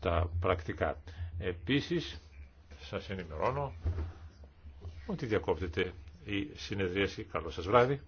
τα πρακτικά. Επίσης, σας ενημερώνω ότι διακόπτεται η συνεδρίαση. Καλό σας βράδυ.